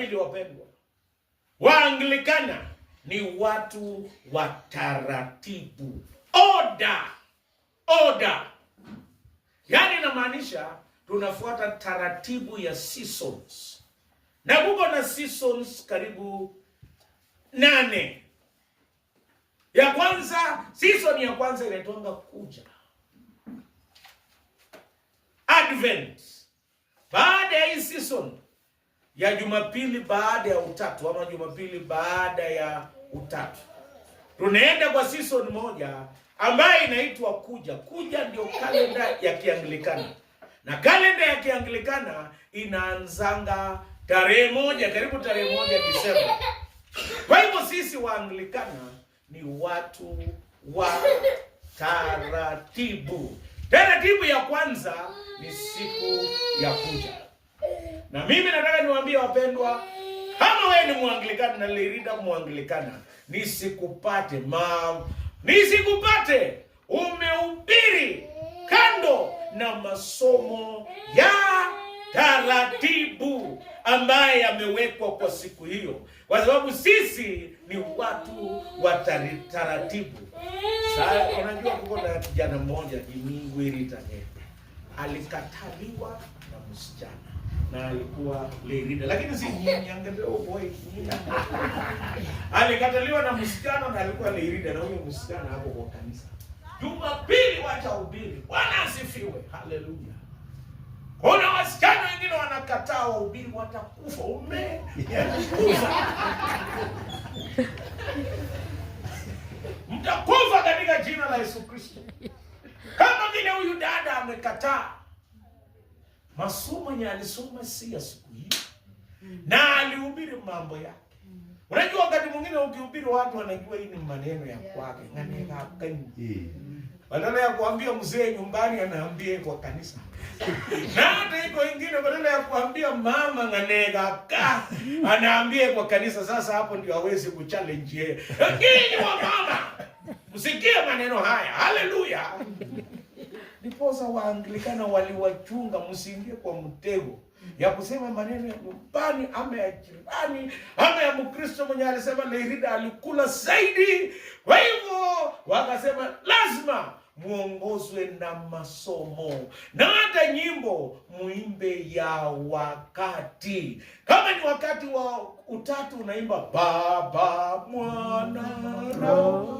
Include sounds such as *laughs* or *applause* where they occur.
pili, wapendwa, Waanglikana ni watu wa taratibu, oda oda, yaani inamaanisha tunafuata taratibu ya seasons, na kuko na seasons karibu nane. Ya kwanza, season ya kwanza inaitwanga kuja, Advent. Baada ya hii season ya Jumapili baada ya utatu ama Jumapili baada ya utatu, tunaenda kwa season moja ambayo inaitwa kuja. Kuja ndio kalenda ya Kianglikana, na kalenda ya Kianglikana inaanzanga tarehe moja, karibu tarehe moja Desemba. Kwa hivyo sisi Waanglikana ni watu wa taratibu. Taratibu ya kwanza ni siku ya kuja. Na mimi nataka niwaambie wapendwa, kama wewe ni Mwanglikana na Lirida Mwanglikana, nisikupate ma nisikupate umehubiri kando na masomo ya taratibu ambaye yamewekwa kwa siku hiyo, kwa sababu sisi ni watu wa taratibu. Sasa unajua, kuko na kijana mmoja Imingwiritahe alikataliwa na msichana na alikuwa Lerida, lakini si boy alikataliwa na msichana na alikuwa Lerida, na huyo msichana hapo kwa kanisa Jumapili ubiri Bwana asifiwe, haleluya. Kuna wasichana wengine wanakataa wahubiri, watakufa umekufa mtakufa katika jina la Yesu Kristo, kama vile huyu dada amekataa masomo yenye alisoma si ya siku hiyo mm. na alihubiri mambo yake mm. Unajua, wakati mwingine ukihubiri watu wanajua hii ni maneno ya kwake nanegakani badala ya kuambia mzee nyumbani anaambia kwa kanisa *laughs* na hata iko ingine, badala ya kuambia mama ka anaambia kwa kanisa. Sasa hapo ndio hawezi kuchallenge yeye, lakini wa mama msikie *laughs* maneno haya. Haleluya! ndiposa Waanglikana waliwachunga msiingie kwa mtego ya kusema maneno ya nyumbani ama ya jirani ama ya Mkristo mwenye alisema Leirida alikula zaidi. Kwa hivyo wakasema lazima muongozwe na masomo na hata nyimbo muimbe ya wakati. Kama ni wakati wa utatu, unaimba Baba Mwana Roho